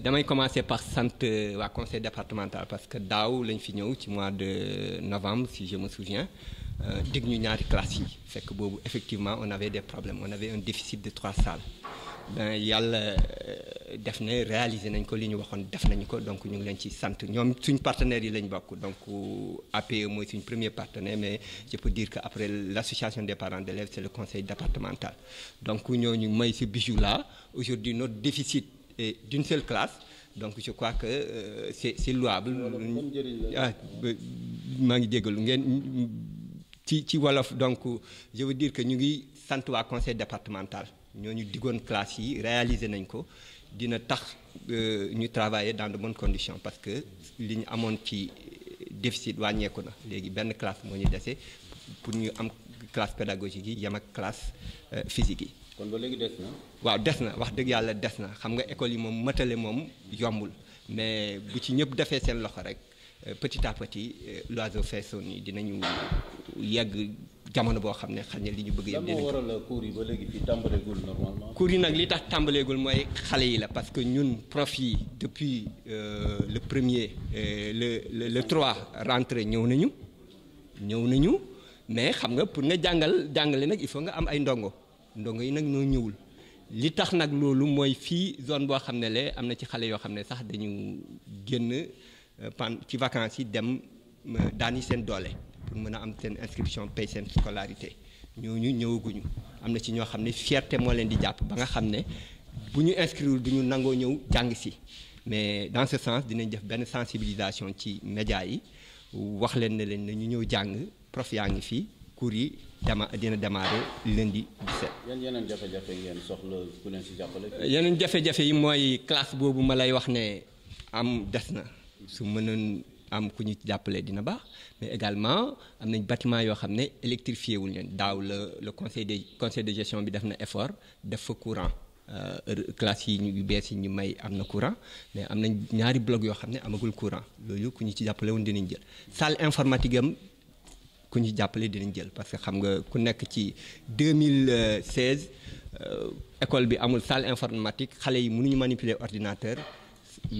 damay commencer par sant euh, waa conseil départemental parce que daaw lañ fi ñëw ci mois de novembre si je me souviens euh, dig ñu ñaari classes yi fekk boobu effectivement on avait de problèmes on avait un déficit de trois salles yàlla euh, def na réaliser nañ ko li ñu waxoon def nañu ko donc ñu ngi leen ci sant ñoom suñ partenaires yi lañu bokk donc APE mooy suñ premier partenaire mais je peux dire que après l'association des parents d'élèves c'est le conseil départemental d'une seule classe donc je crois que euh, c'est c'est louable ah maa ngi jégalu ngeen mm, ci ci wolof donc je veux dire que ñu ngi sant waa conseil ñoo ñu diggoon classe yi réaliser nañ ko dina tax euh, ñu travailler dans de bonnes conditions parce que li ñu amoon ci euh, déficit wàññeeku na léegi benn classe moo ñu dese pour ñu am classe pédagogique yi yem ak classe euh, physique yi. kon ba léegi des waaw des na wax dëgg yàlla des na xam nga école yi moom mëtale moom yombul mais bu ci ñëpp defee seen loxo rek euh, petit à petit euh, l'oiseau fait son nid dinañu yegg jamono boo xam ne xëy na li ñu bëgg yëpp. dinañ ko waral cours yi yi nag li tax tàmbaleegul mooy xale yi la parce que ñun prof yi depuis le premier le le le trois rentrée ñëw nañu ñëw nañu. mais xam nga pour nga jàngal jàngale nag il faut nga am ay ndongo ndongo yi nag ñoo ñëwul li tax nag loolu mooy fii zone boo xam ne le am na ci xale yoo xam ne sax dañu génn euh, pan ci vacances yi dem euh, daani seen doole pour mën a am seen inscription pay seen scolarité ñooñu ñëwaguñu am na ci ñoo xam ne fierté moo leen di jàpp ba nga xam ne bu ñu inscrire du ñu nangoo ñëw jàng si mais dans ce sens dinañ def benn sensibilisation ci média yi wax leen ne leen na ñu ñëw jàng prof yaa ngi fii cours yi dama dina démarrer lundi 17. yan yeneen jafe-jafe ngeen soxla ku leen si jàppale. jafe-jafe yi mooy classe boobu ma lay wax ne am des na su mën mënoon am ku ñu jàppale dina baax mais également am nañ batiment yoo xam ne électrifié wuñ leen daaw la le conseil de conseil de gestion bi def na effort def fa courant. Euh, classe yi ñu bees yi ñu may am na courant mais am nañ ñaari bloc yoo xam ne amagul courant loolu ku ñu ci jàppale woon dinañ jël salle ku ñu jàppale dinañ jël parce que xam nga ku nekk ci 2016 euh, école bi amul salle informatique xale yi mënuñu manipuler ordinateur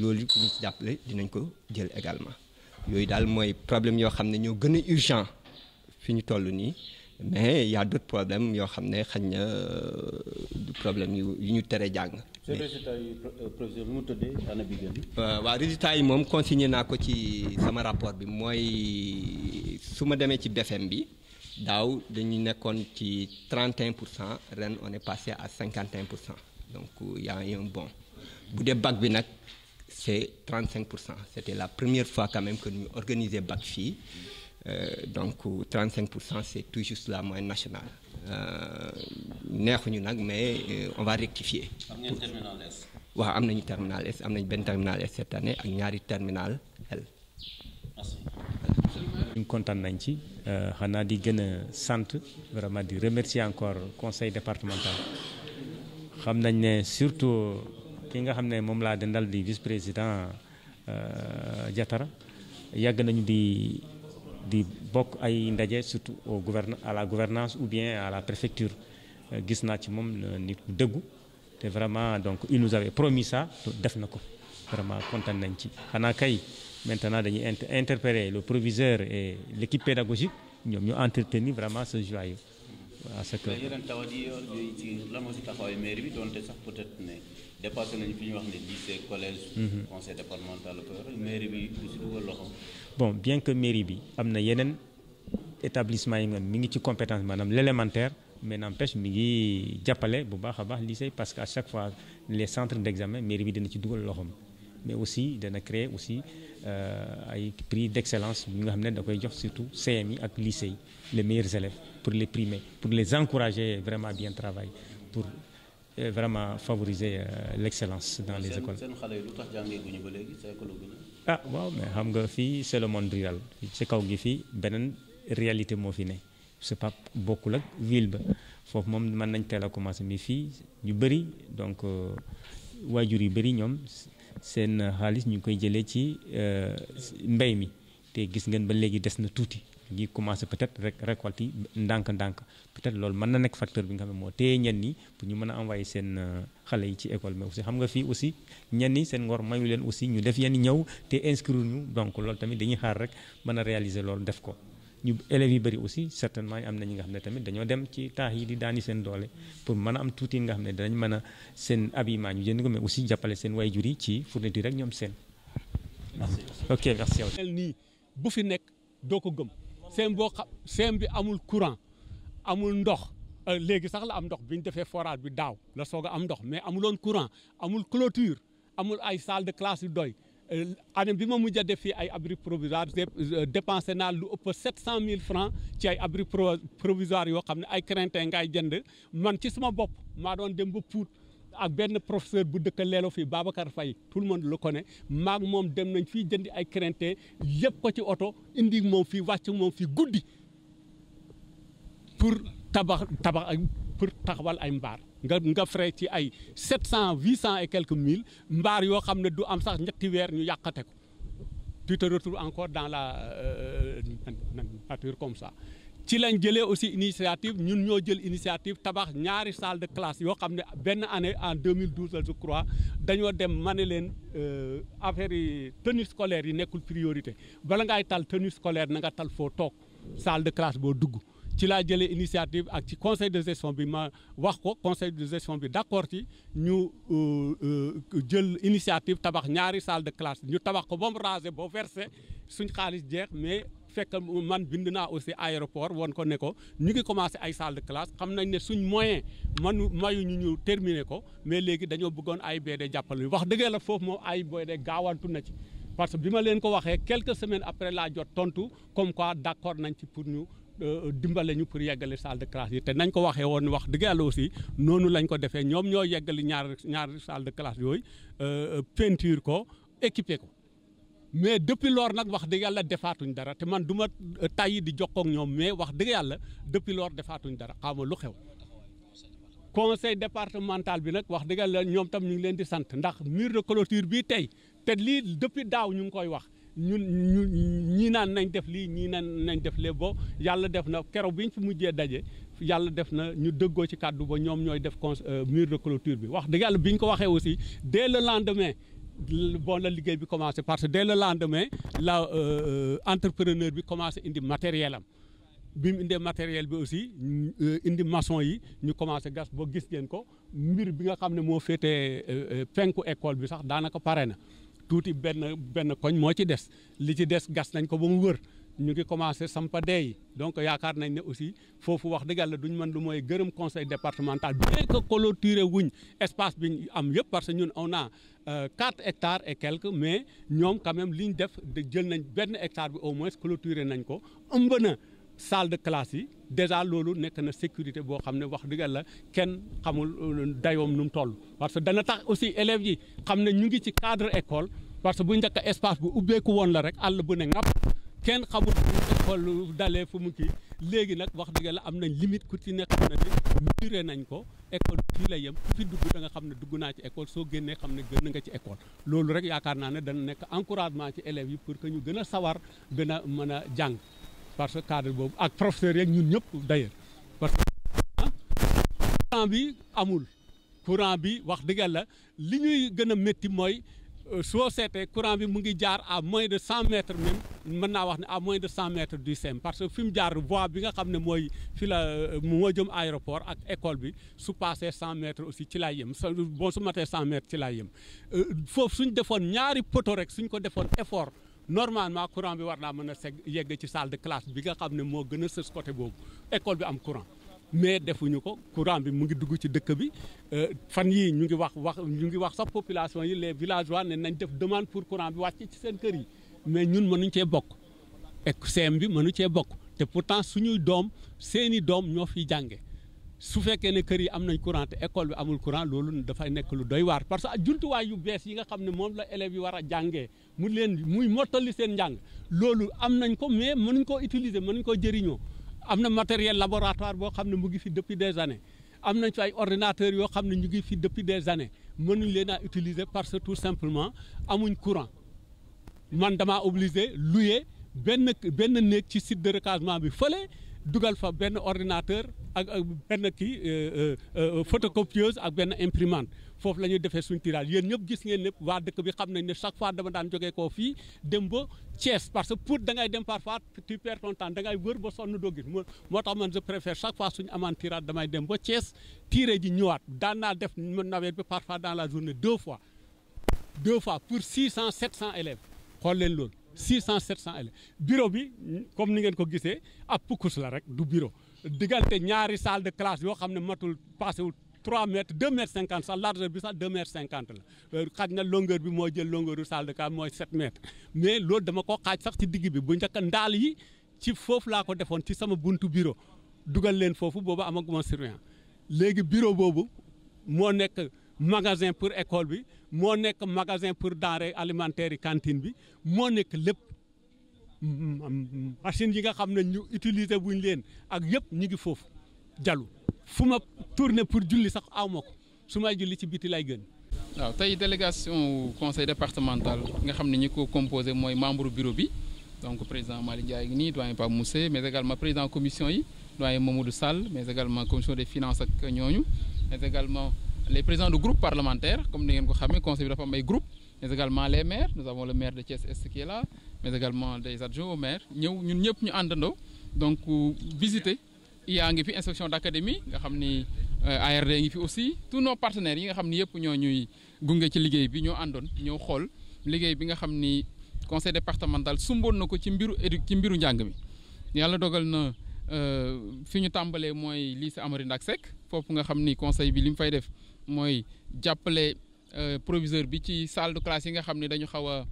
loolu ku ñu jàppale dinañ ko jël également yooyu daal mooy problème yoo xam ne ñoo gën a urgent fi ñu toll nii mais y a d'autres yoo xam ne xañ na euh, du problème yu ñu tere jàng mais résultat yi euh, mu tëddee année bi gën. Euh, waaw résultat yi moom consigné naa ko ci sama rapport bi mooy su ma demee ci BFM bi daaw dañu nekkoon ci 31 pour cent ren on est passé à 51 pour cent donc y a bon bu dee bac bi nag. c'est 35 pour cent c'était la première fois quand même que ñu organiser bac fii euh, donc 35 pour cent c'est toujours la moyenne national Euh, neexuñu nag mais euh, on va rectifier. am ngeen terminal S. waaw am nañu terminal S am nañu benn terminal S ak ñaari terminal L. merci. ñu kontaan nañ ci euh, xanaa di gën a sant vraiment di remercier encore conseil départemental xam nañ ne surtout ki nga xam ne moom laa dendal di vice président jatara yàgg nañu di. di bokk ay ndaje surtout au gouverne à la gouvernance ou bien à la préfecture euh, gis naa ci moom euh, nit ku dëggu te vraiment donc il nous avait promis ça def na ko vraiment kontaan nañ ci xanaa kay maintenant dañuy inter interpeller le proviseur et l'équipe pédagogique ñoom ñu entretenir vraiment ce joyau waaw que yeneen tawat yi euh, yooyu ci lan moo si taxawaayu mairie bi doonte sax peut-être ne dépassé nañu fi ñu wax ne lycée collège. Mhm. conseil départemental mairie bi du si dugal loxo. bon bien que mairie bi am na yeneen établissement yi nga mi ngi ci compétence maanaam l'élémentaire mais n'empêche mi ngi jàppale bu baax a baax lycée parce que à chaque fois les centres d'examen mairie bi dina ci dugal loxoom mais aussi dana créer aussi euh, ay prix d'excellence yi nga xam ne da koy jox surtout CM yi ak lycée yi les meilleurs élèves pour les primer pour les encourager vraiment bien travailler pour euh, vraiment favoriser euh, l'excellence dans les écoles. seen xale yi lu tax ah waaw mais xam nga fii c'est le rural ci kaw gi fii beneen réalité moo fi ne c'est pas bokkul ak ville ba foofu moom mën nañ teel a commencé mi fii ñu bëri donc euh, waajur yu bari ñoom seen xaalis ñu koy jëlee ci euh, mbay mi te gis ngeen ba léegi des na tuuti ñi commencé peut-être rek récolte yi ndànk-ndànk peut-être loolu mën na nekk facteur bi nga xam ne moo téye ñenn ñi pour ñu mën a envoyé seen euh, xale yi ci école mais aussi xam nga fii aussi ñenn ñi seen leen aussi ñu def yenn ñëw te inscrire ñu donc xaar rek mën a loolu def ko ñu yi bëri aussi certainement am na ñi nga xam ne tamit dañoo dem ci taax yi di daani seen doole pour mën a am tuuti nga xam ne danañ mën a seen habillement ñu jënd ko mais aussi jàppale seen waajur yi ci fourniture rek ñoom seen ok merci. nii bu fi nekk doo ko gëm. seen boo xam bi amul courant amul ndox euh, léegi sax la am ndox bi ñu defee forage bi daaw la soog a am ndox mais amuloon courant amul clôture amul ay salle de classe yu doy euh, année bi ma mujj a def fii ay abri provisoire euh, dépensé naa lu cent mille francs ci ay abri provisoire yoo xam ne ay craintes ngay jënd man ci sama bopp maa doon dem ba Pout. ak benn professeur bu dëkk leelo fii Babacar fay tout le monde ko ne maag moom dem nañ fii jëndi ay crainte yëpp ko ci oto indi moom fii wàcc moom fii guddi pour tabax tabax ak pour taxawal ay mbaar nga nga frais ci ay sept cent huit cent et quelques mille mbaar yoo xam ne du am sax ñetti weer ñu yàqate ko tu te encore dans la euh, euh, nature comme ça ci lañ jëlee aussi initiative ñun ñoo jël initiative tabax ñaari salle de classe yoo xam ne benn année en 2012 la je crois dañoo dem ma ne leen euh, affaire yi tenue scolaire yi nekkul priorité bala nga ngay tal tenue scolaire na tal foo toog salle de classe boo dugg ci laa jëlee initiative ak ci conseil de gestion bi ma wax ko conseil de gestion bi d'accord ci ñu euh, euh, jël initiative tabax ñaari salle de classe ñu tabax ko ba mu boo versé suñ xaalis jeex mais fekk man bind naa aussi aéroport woon ko ne ko ñu ngi commencé ay salle de classe xam nañ ne suñ moyen man mayu ñu ñu terminer ko mais léegi dañoo bëggoon AIBD jàppal ñu wax dëggee la foofu moom AIBD gaawantu na ci parce que bi ma leen ko waxee quelques semaines après laa jot tontu comme quoi d'accord nañ ci pour ñu euh, dimbale ñu pour yeggale salle de yi te nañ ko waxee woon wax dëgg yàlla aussi noonu lañ ko defee ñoom ñoo yeggali ñaar ñaar salle de classe yooyu euh, peinture ko équiper ko mais depuis lors nag wax dëgg yàlla defaatuñ dara te man duma ma euh, tàyyi di jokkoog ñoom mais wax dëgg yàlla depuis loor defaatuñ dara xawma lu xew conseil départemental bi nag wax dëgg yàlla ñoom tam ñu ngi leen di sant ndax mur de clôture bii tey te lii depuis daaw ñu ngi koy wax ñun ñu ñii naan nañ def lii ñii naan nañ def lee bo yàlla def na bi biñ fi mujjee daje yàlla def na ñu dëggoo ci kàddu ba ñoom ñooy def euh, mur de clôture bi wax dëgg yàlla ñu ko waxee aussi dès le lendemain bon la liggéey bi commencé parce que dès le lendemain la euh, euh, entrepreneur bi commencé indi matériel am bi mu indee matériel bi aussi euh, indi maçon yi ñu commencé gas boo gis ngeen ko mbir bi nga xam ne moo féetee penku école bi sax daanaka pare na tuuti benn benn koñ moo ci des li ci des gas nañ ko ba mu wër ñu ngi commencé sampa deey donc yaakaar nañ ne aussi foofu wax dëgg yàlla duñ man lu mooy gërëm conseil départemental bien que clôturé wuñ espace bi ñu am yëpp parce que ñun on a euh, quatre hectares et quelques mais ñoom quand même li ñu def jël nañ benn hectare bi au moins clôturé nañ ko ëmb na salle de classe yi déjà loolu nekk na sécurité boo xam ne wax dëgg yàlla kenn xamul euh, dayoom nu mu toll parce que dana tax aussi élève yi xam ne ñu ngi ci cadre école parce que bu njëkk espace bu ubbeeku woon la rek àll bu ne ŋàpp kenn xamul xool lu dalee fu mu kii léegi nag wax dëgg la am nañ limite ku ci nekk na ne muré nañ ko école fii la yem fi dugg da nga xam ne dugg naa ci école soo génnee xam ne gën nga ci école loolu rek yaakaar naa ne dana nekk encouragement ci élèves yi pour que ñu gën a sawar gën a mën a jàng parce que cadre boobu ak professeurs yeeg ñun ñëpp d'ailleurs parce que courant bi amul courant bi wax dëgg la li ñuy gën a métti mooy Euh, soo seetee courant bi mu ngi jaar à moins de cent mètres mën naa wax ne à moins de cent du sem parce que fi mu jaar voie bi nga xam ne mooy fi la euh, moo jëm aéroport ak école bi su passé cent aussi ci laay yëm bon su matee cent mètres ci laay yëm euh, foofu suñ defoon ñaari poto rek suñ ko defoon effort normalement courant bi war naa mën a seg yegg ci salle de classe bi nga xam ne moo gën a sës côté boobu école bi am courant mais defuñu ko courant bi mu ngi dugg ci dëkk bi euh, fan yii ñu ngi wax wax ñu ngi wax sax population yi les villageois ne nañ def demande pour courant bi wàcc ci seen kër yi mais ñun mënuñ cee bokk ek CM bi mënu cee bokk te pourtant suñuy doom seeni doom ñoo fiy jànge su fekkee ne kër yi am nañ courant te école bi amul courant loolu dafay nekk lu doy waar parce que jumtuwaay yu bees yi nga xam ne moom la élèves yi war a jàngee mu leen muy mottali seen njàng loolu am nañ ko mais mënuñ koo utiliser mënuñ koo jëriñoo am na matériel laboratoire boo xam ne mu ngi fi depuis des années am nañ fi ay ordinateurs yoo xam ne ñu ngi fi depuis des années mënuñ leen a utiliser parce que tout simplement amuñ courant man dama obligé luye benn benn néeg ci site de recasement bi fële. dugal fa benn ordinateur ak benn kii euh, euh, euh, photocopieuse ak benn imprimante foofu la ñuy defee suñ tirage yéen ñëpp gis ngeen lépp waa dëkk bi xam nañ ne chaque fois dama daan jogee koo fii dem ba Thiès parce que pour da ngay dem parfois tu perds ton temps da ngay wër ba sonn doo gis moo tax man je préfère chaque fois suñu amaan tirage damay dem ba Thiès tiré ji ñëwaat daan naa def nawet bi parfois dans la journée deux fois deux fois pour six cent sept cent élèves xool leen loolu 600 700 élèves bureau bi comme ni ngeen ko gisee a pukkus la rek du bureau diggante ñaari salle de classe yoo xam ne matul paasewul 3 mètres 2 mètres 50 sax largeur bi sax 2 mètres 50 la euh, xaj na longueur bi mooy jël longueur du salle de classe mooy 7 mètres mais loolu dama ko xaaj sax ci digg bi bu njëkk ndaal yi ci foofu laa ko defoon ci sama buntu bureau dugal leen foofu boobu amaguma surveillant léegi bureau boobu moo nekk. magasin pour école bi moo nekk magasin pour denrée alimentaire yi cantine bi moo nekk lépp machines yi nga xam ne ñu utiliser wuñ leen ak yëpp ñu ngi foofu jalu fu ma tourné pour julli sax aw ma ko su may julli ci biti lay gën. waaw tey délégation conseil départemental nga xam ne ñu ko composé mooy membre bureau bi donc président Malick Ndiaye ngi nii doyen Pape Moussé mais également président commission yi doyen Mamadou Sall mais également commission des finances ak les présidents de groupe parlementaire comme ni ngeen ko xamee conseil bi dafa am ay groupe mais également les maires nous avons le maire de Thiès Est qui est là mais également des adjoints au maire ñëw ñun ñëpp ñu àndandoo donc euh, visiter yaa ngi fi inspection d'académie nga xam ni euh, ARD ngi fi aussi tous nos partenaires yi nga xam ni yëpp ñoo ñuy gunge ci liggéey bi ñoo àndoon ñoo xool liggéey bi nga xam ni conseil départemental sumboon na ko ci mbiru édu ci mbiru njàng mi yàlla dogal na euh, fi ñu tàmbalee mooy lycée Amary Ndack Seck nga xam ni conseil bi li mu fay def mooy jàppale euh, proviseur bi ci salle de classe yi nga xam ne dañu xaw a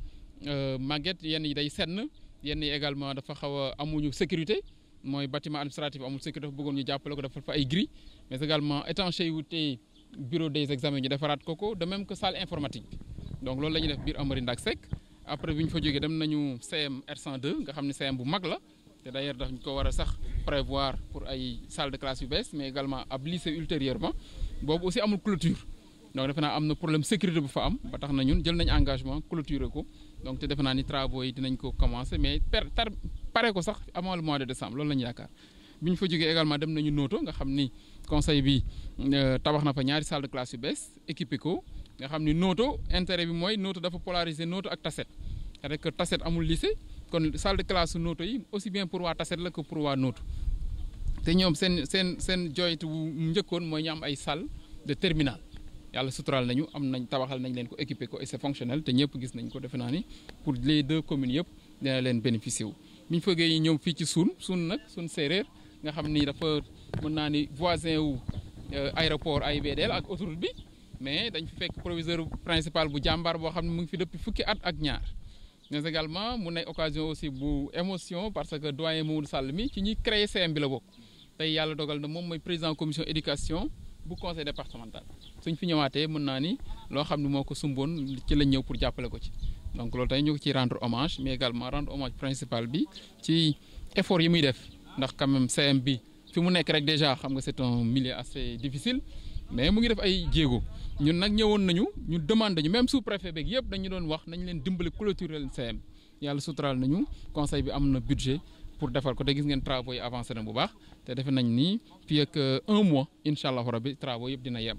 euh, màgget yenn yi day senn yenn yi également dafa xaw a amuñu sécurité mooy bâtiment administratif amul sécurité dafa bëggoon ñu jàppale ko dafa fa ay gris mais également étanché wu te bureau des examens ñu defaraat koko de même que salle informatique bi donc loolu la ñuy def biir Amary Ndack Seck après bi ñu fa jógee dem nañu CM r nga xam ne CM bu mag la te d'ailleurs daf ñu ko war a sax prévoir pour ay salle de yu bees mais également ab lycée boobu aussi amul clôture donc defe naa am na problème sécurité bu fa am ba tax na ñun jël nañ engagement clôturer ko donc te defe ni travaux yi dinañ ko commencer mais per tar pare ko sax avant le mois de décembre lool la ñu yaakaar bi ñu fa jógee également dem nañu nooto nga xam ni conseil bi euh, tabax na fa ñaari salle de classe yu bees équipé ko nga xam ni nooto intérêt bi mooy Noto dafa polariser Noto ak Tasset rek Tasset amul lycée kon salle de classe yi aussi bien pour waa Tasset la que pour waa Noto te ñoom seen seen seen joytu wu njëkkoon mooy ñu am ay salle de terminal yàlla suturaal nañu am nañ tabaxal nañ leen ko équipé ko et c'est fonctionnel te ñëpp gis nañ ko defe naa ni pour les deux communes yëpp dina leen bénéficier wu. bi ñu fëggee ñëw fii ci suun suun nag suun séeréer nga xam ni dafa mën naa ni voisin wu euh, aéroport ay la ak autoroute bi mais dañ fi fekk proviseur principal bu jàmbaar boo xam ne mu ngi fi depuis fukki at ak ñaar. mais également mu ne occasion aussi bu émotion parce que doyen Mamadou Sall mi ci ñuy créer CM bi la bokk. tey yàlla dogal na moom mooy président commission éducation bu conseil départemental suñ fi ñëwaatee mën naa ni loo xam ne moo ko sumboon ci la ñëw pour jàppale ko ci donc lool tey ñu ko ciy rendre hommage mais également rendre hommage principal bi ci effort yi muy def ndax quand même CM bi fi mu nekk rek déjà xam nga c'est un millier assez difficile mais mu ngi def ay jéego ñun nag ñëwoon nañu ñu demande ñu même sous préfet beeg yëpp dañu doon wax nañ leen dimbali clôturer leen CM yàlla suturaal nañu conseil bi am na budget pour defar ko te gis ngeen travaux yi avancé na bu baax te defe nañ ni fii ak euh, un mois incha allah rabi travaux yëpp dina yem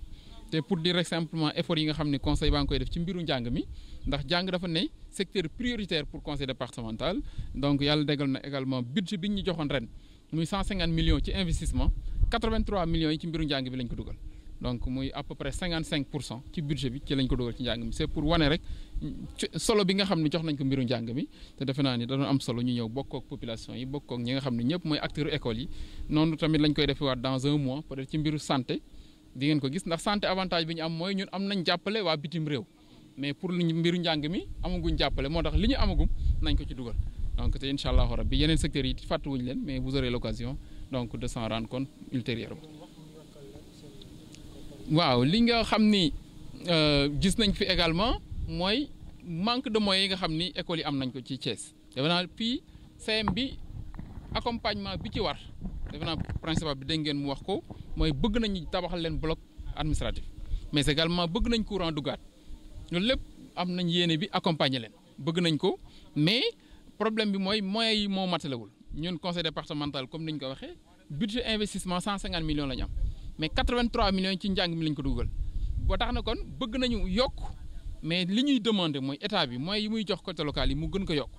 te pour dire rek effort yi nga xam ne conseil baa ngi koy def ci mbiru njàng mi ndax jàng dafa ne secteur prioritaire pour conseil départemental donc yàlla dégal na également budget bi ñu joxoon ren muy 150 millions ci investissement 83 millions yi ci mbiru njàng bi lañ ko dugal donc muy à près 55 pour cent solo bi nga xam ne jox nañ ko mbiru njàng mi te defe naa ni da doon am solo ñu ñëw bokk ak population yi bokk ak ñi nga xam ne ñëpp mooy acteurs école yi noonu tamit lañ koy defewaat dans un mois peut-être ci mbiru santé di ngeen ko gis ndax santé jàppale waa bitim li ñu amagum nañ ci dugal donc te incha allahu rabbi yeneen secteurs yi fàttewuñu leen mais vous waaw li nga xam ni euh, gis nañ fi également mooy manque de moyens yi nga xam ni école yi am nañ ko ci Thiès defe naa puis CM bi accompagnement bi ci war defe naa principal bi dégg ngeen mu wax ko mooy bëgg nañu tabaxal leen bloc administratif mais également bëgg nañ courant dugaat loolu lépp am nañ yéene bi accompagner leen bëgg nañ ko mais problème bi mooy moyens yi moo matalewul ñun conseil départemental comme ni ñu ko waxee budget investissement cent cinquante millions la ñu am mais quatre vingt trois millions ci njàng lañ ko dugal ba tax bëgg nañu yokk. mais li ñuy demander mooy état bi mooy yi muy jox côté local yi mu gën ko yokk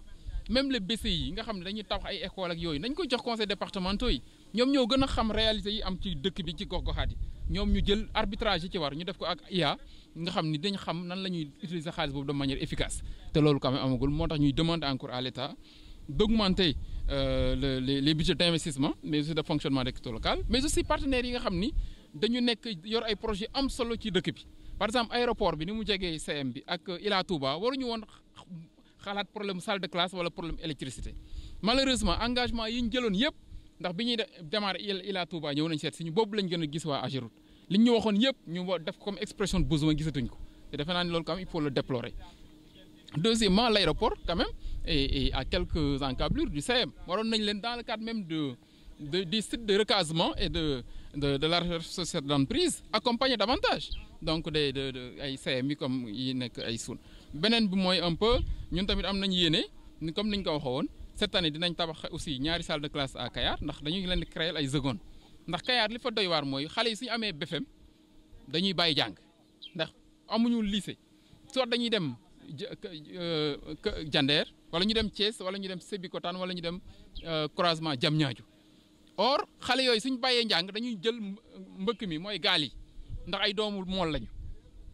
même les BCI yi ne dañuy tabax ay école ak yooyu nañ ko jox conseil départementaux yi ñoom ñoo gën a xam réalité am ci dëkk bi ci gox-goxaat ñoom ñu jël arbitrage ci war ñu def ko ak IA nga xam ni dañ xam nan la ñuy utiliser xaalis boobu de manière efficace te loolu quand même amagul moo tax ñuy demander encore à l'État d'augmenter euh, le les les budgets d'investissement mais aussi de fonctionnement des collectivités locales mais aussi partenaires yi nga xam ni dañu nekk yor ay projet am solo ci dëkk bi. par exemple aéroport bi ni mu jegee CM bi ak Ila Touba waruñu woon xalaat problème salle de classe wala problème électricité malheureusement engagement yi ñu jëloon yëpp ndax bi ñuy démarrer Ila Touba ñëw nañ seet si ñu boobu lañ gën a gis waa Ageroute li ñu waxoon yëpp ñu def comme expression de besoin gisatuñ ko te defe naa ni loolu quand même il faut le déplorer deuxièmement l' aéroport quand même et à quelques encablures CM waroon nañ leen dans le cadre même de, des sites de recasement et de, de, de la recherche sociale d'entreprise accompagner davantage donc des de ay CMI comme yi nekk ay suun beneen bi mooy un peu ñun tamit am nañu yéene ni comme ni ñu ko waxoon woon année dinañ tabax aussi ñaari salle de classe à Kayar ndax dañuy leen di ay seconde ndax Kayar li fa doy waar mooy xale yi suñu amee BFEM dañuy bàyyi jàng ndax amuñu lycée soit dañuy dem euh, Jandeer wala ñu dem Thiès wala ñu dem Sébikotane wala ñu dem euh, croisement Diamniadio or xale yooyu suñ bàyyee njàng dañuy jël mbëkk mi mooy gaal yi ndax ay doomu mool lañu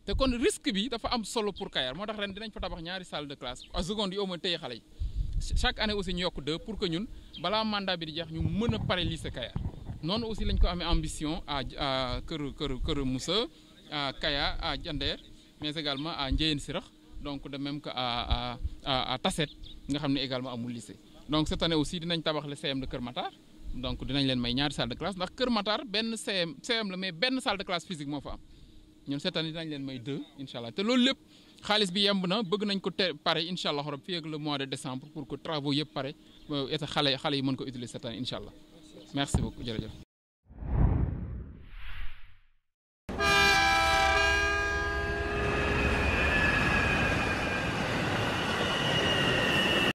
te kon risque bi dafa am solo pour Kayar moo tax ren dinañ fa tabax ñaari salle de classe à seconde yi au moins téye xale yi chaque année aussi pour que ñun balaa mandat bi di jeex ñu mën a pare lycée Kayar noonu aussi lañ ko amee ambition à kër kër kër Moussa à Kaya à Diender mais également à Ndiéyène Sirax donc de même que à à nga xam ne également amul lycée donc cette année aussi dinañ tabax le CM de Kër Matar. donc dinañ leen may ñaari salle de classe ndax Kër Matar benn CM CM la mais benn salle de classe physique moo fa am ñun cette année dinañ leen may deux incha te loolu lépp xaalis bi yemb na bëgg nañ ko te pare incha allah rob fii ak le mois de décembre pour que travaux yëpp pare et xale xale yi mën ko utiliser cette année incha allah merci beaucoup jërëjëf.